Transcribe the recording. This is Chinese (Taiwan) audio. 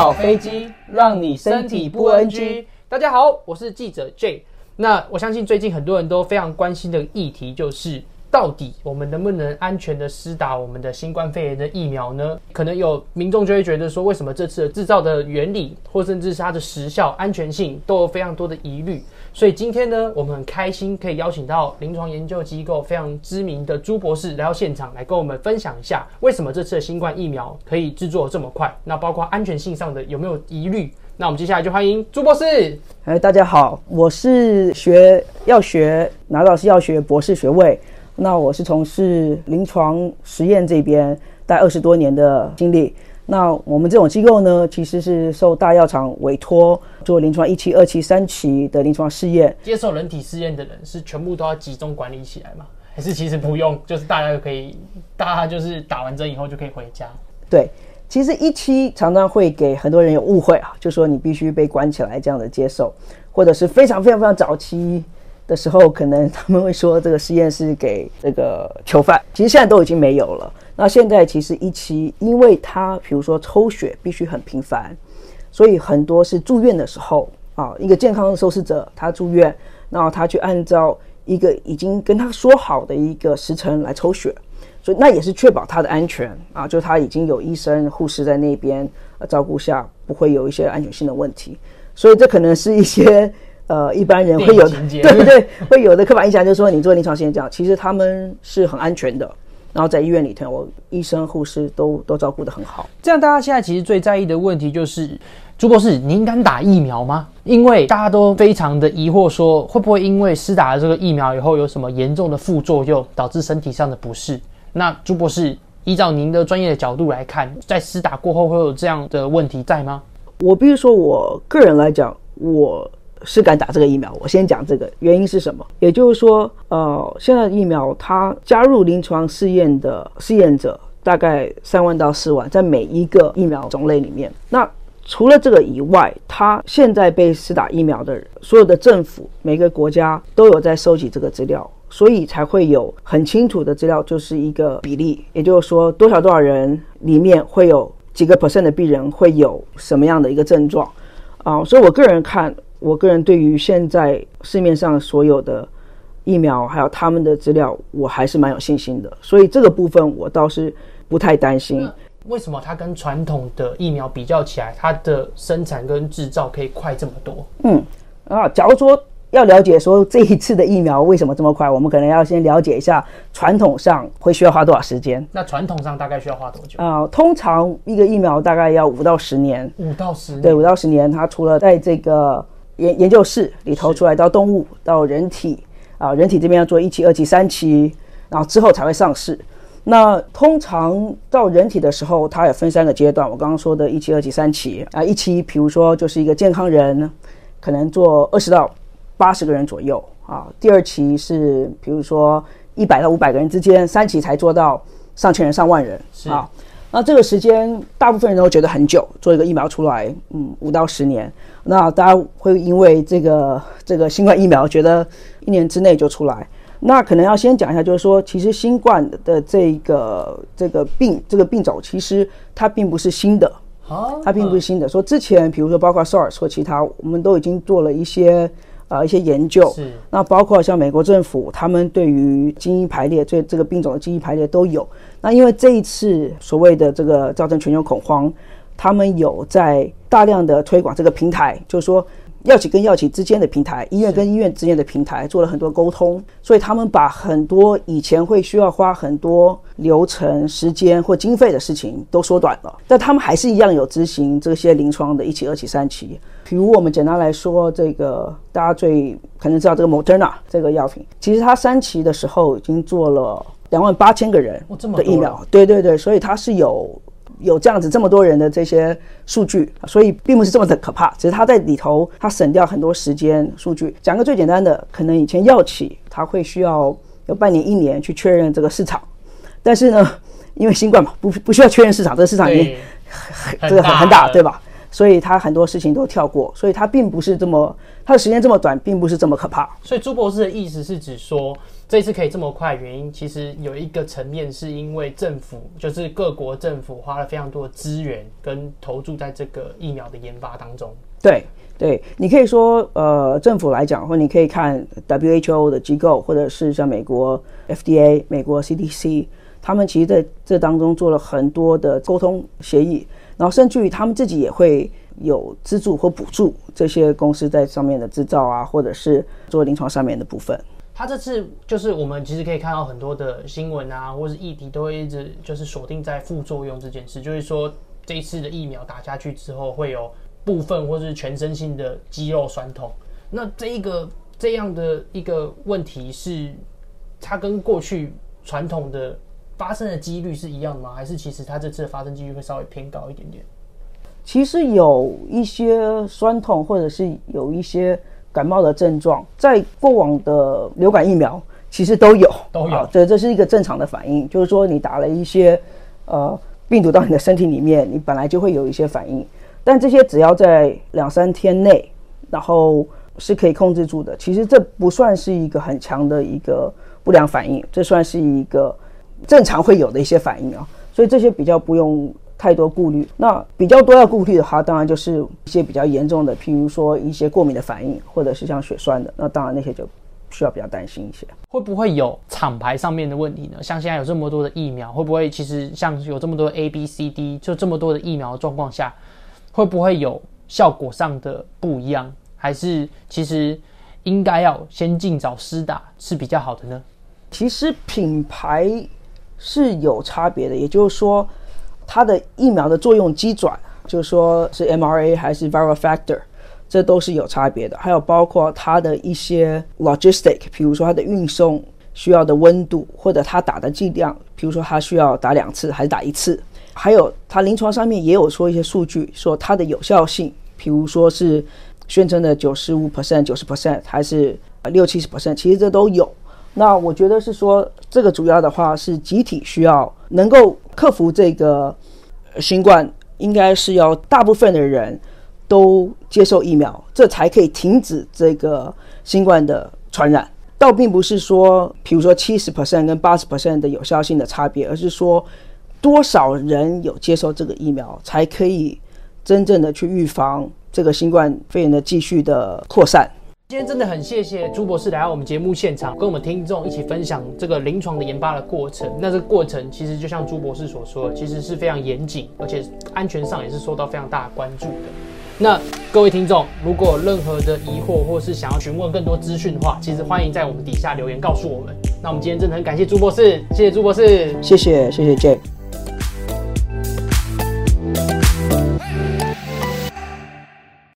搞飛機讓你身體不 NG。不 NG 大家好，我是記者 J。那我相信最近很多人都非常關心的議題就是，到底我們能不能安全地施打我們的新冠肺炎的疫苗呢？可能有民眾就會覺得說，為什麼這次的製造的原理，或甚至是它的時效、安全性，都有非常多的疑慮。所以今天呢，我們很開心可以邀請到臨床研究機構非常知名的朱博士來到現場，來跟我們分享一下，為什麼這次的新冠疫苗可以製作這麼快，那包括安全性上的有沒有疑慮？那我們接下來就歡迎朱博士。誒，大家好，我是學藥學，拿到是藥學博士學位。那我是從事臨床實驗這邊待二十多年的經歷。那我們這種機構呢，其實是受大藥廠委托做臨床一期、二期、三期的臨床試驗。接受人體試驗的人是全部都要集中管理起來嗎？還是其實不用，就是大家就可以，大家就是打完針以後就可以回家？對，其實一期常常會給很多人有誤會啊，就說你必須被關起來這樣的接受，或者是非常非常非常早期。的時候，可能他們會說，這個試驗是給這個囚犯。其實現在都已經沒有了。那現在其實一期，因為他比如說抽血必須很頻繁，所以很多是住院的時候啊，一個健康的受試者他住院，然後他去按照一個已經跟他說好的一個時辰來抽血，所以那也是確保他的安全啊，就他已經有醫生護士在那邊呃照顧下，不會有一些安全性的問題。所以這可能是一些。呃，一般人會有間間對不對， 會有的刻板印象，就是說你做臨床實驗這樣，其實他們是很安全的。然後在醫院裡頭，我醫生護士都都照顧得很好。這樣，大家現在其實最在意的問題就是，朱博士，您敢打疫苗嗎？因為大家都非常的疑惑說，說會不會因為施打了這個疫苗以後有什麼嚴重的副作用，導致身體上的不適？那朱博士依照您的專業的角度來看，在施打過後會有這樣的問題在嗎？我比如說，我個人來講，我。是敢打這個疫苗，我先講這個原因是什麼？也就是說，呃，現在疫苗它加入臨床試驗的試驗者大概三萬到四萬，在每一個疫苗種類裡面。那除了這個以外，它現在被試打疫苗的人，所有的政府，每個國家都有在收集這個資料，所以才會有很清楚的資料，就是一個比例。也就是說，多少多少人裡面會有幾個 percent 的病人會有什麼樣的一個症狀啊，呃。所以我個人看。我個人對於現在市面上所有的疫苗，還有他們的資料，我還是蠻有信心的，所以這個部分我倒是不太擔心。為什麼它跟傳統的疫苗比較起來，它的生產跟制造可以快這麼多？嗯，啊，假如說要了解說這一次的疫苗為什麼這麼快，我們可能要先了解一下傳統上會需要花多少時間。那傳統上大概需要花多久？啊，通常一個疫苗大概要五到十年。五到十年。對，五到十年，它除了在這個研研究室裡頭出來到動物到人體是啊，人體這邊要做一期、二期、三期，然後之後才會上市。那通常到人體的時候，它有分三個階段，我剛剛說的一期、二期、三期啊。一期比如說就是一個健康人，可能做二十到八十個人左右啊。第二期是比如說一百到五百個人之間，三期才做到上千人、上萬人是啊。那這個時間，大部分人都覺得很久，做一個疫苗出來，嗯，五到十年。那大家會因為這個這個新冠疫苗覺得一年之內就出來。那可能要先講一下，就是說，其實新冠的這個這個病這個病種，其實它並不是新的，它並不是新的。Huh? 說之前，比如說包括 SARS 或其他，我們都已經做了一些。啊、呃，一些研究是那包括像美國政府，他們對於基因排列，這這個病種的基因排列都有。那因為這一次所謂的這個造成全球恐慌，他們有在大量的推廣這個平台，就是說。藥企跟藥企之間的平台，醫院跟醫院之間的平台是做了很多溝通，所以他們把很多以前會需要花很多流程、時間或經費的事情都縮短了。但他們還是一樣有執行這些臨床的一期、二期、三期。比如我們簡單來說，這個大家最可能知道這個 Moderna 這個藥品，其實它三期的時候已經做了兩萬八千個人的疫苗。哦，對對對，所以它是有。有這樣子這麼多人的這些數據，所以並不是這麼的可怕，只是他在裡頭他省掉很多時間數據。講個最簡單的，可能以前藥企他會需要有半年一年去確認這個市場，但是呢，因為新冠嘛，不不需要確認市場，這個市場已經很對、這個、很大，很大對吧？所以他很多事情都跳過，所以他並不是這麼他的時間這麼短，並不是這麼可怕。所以朱博士的意思是指說。這次可以這麼快，原因其實有一個層面，是因為政府就是各國政府花了非常多的資源跟投注在這個疫苗的研發當中。對，對你可以說，呃，政府來講，或你可以看 WHO 的機構，或者是像美國 FDA、美國 CDC，他們其實在這當中做了很多的溝通協議，然後甚至於他們自己也會有資助或補助這些公司在上面的製造啊，或者是做臨床上面的部分。他這次就是我們其實可以看到很多的新聞啊，或是議題都會一直就是鎖定在副作用這件事，就是說這一次的疫苗打下去之後會有部分或是全身性的肌肉酸痛。那這一個這樣的一個問題是，它跟過去傳統的發生的幾率是一樣的嗎？還是其實它這次的發生幾率會稍微偏高一點點？其實有一些酸痛，或者是有一些。感冒的症狀，在過往的流感疫苗其實都有，都有。啊，對，這是一個正常的反應，就是說你打了一些呃病毒到你的身體裡面，你本來就會有一些反應。但這些只要在兩三天內，然後是可以控制住的。其實這不算是一個很強的一個不良反應，這算是一個正常會有的一些反應啊。所以這些比較不用。太多顧慮，那比較多要顧慮的話，當然就是一些比較嚴重的，譬如說一些過敏的反應，或者是像血栓的，那當然那些就需要比較擔心一些。會不會有廠牌上面的問題呢？像現在有這麼多的疫苗，會不會其實像有這麼多的 A、B、C、D，就這麼多的疫苗的狀況下，會不會有效果上的不一樣？還是其實應該要先盡早施打是比較好的呢？其實品牌是有差別的，也就是說。它的疫苗的作用機轉，就是說是 mRNA 還是 viral vector，這都是有差別的。還有包括它的一些 logistic，比如說它的運送需要的溫度，或者它打的劑量，比如說它需要打兩次還是打一次。還有它臨床上面也有說一些數據，說它的有效性，比如說是宣稱的九十五 percent、九十 percent 還是六七十 percent，其實這都有。那我覺得是說，這個主要的話是集體需要，能夠克服這個新冠，應該是要大部分的人都接受疫苗，這才可以停止這個新冠的傳染。倒並不是說，比如說七十%跟八十%的有效性的差別，而是說多少人有接受這個疫苗，才可以真正的去預防這個新冠肺炎的繼續的擴散。今天真的很謝謝朱博士來到我們節目現場，跟我們聽眾一起分享這個臨床的研發的過程。那這個過程其實就像朱博士所說，其實是非常嚴謹，而且安全上也是受到非常大的關注的。那各位聽眾，如果有任何的疑惑，或是想要詢問更多資訊的話，其實歡迎在我們底下留言告訴我們。那我們今天真的很感謝朱博士，謝謝朱博士，謝謝謝謝 Jack。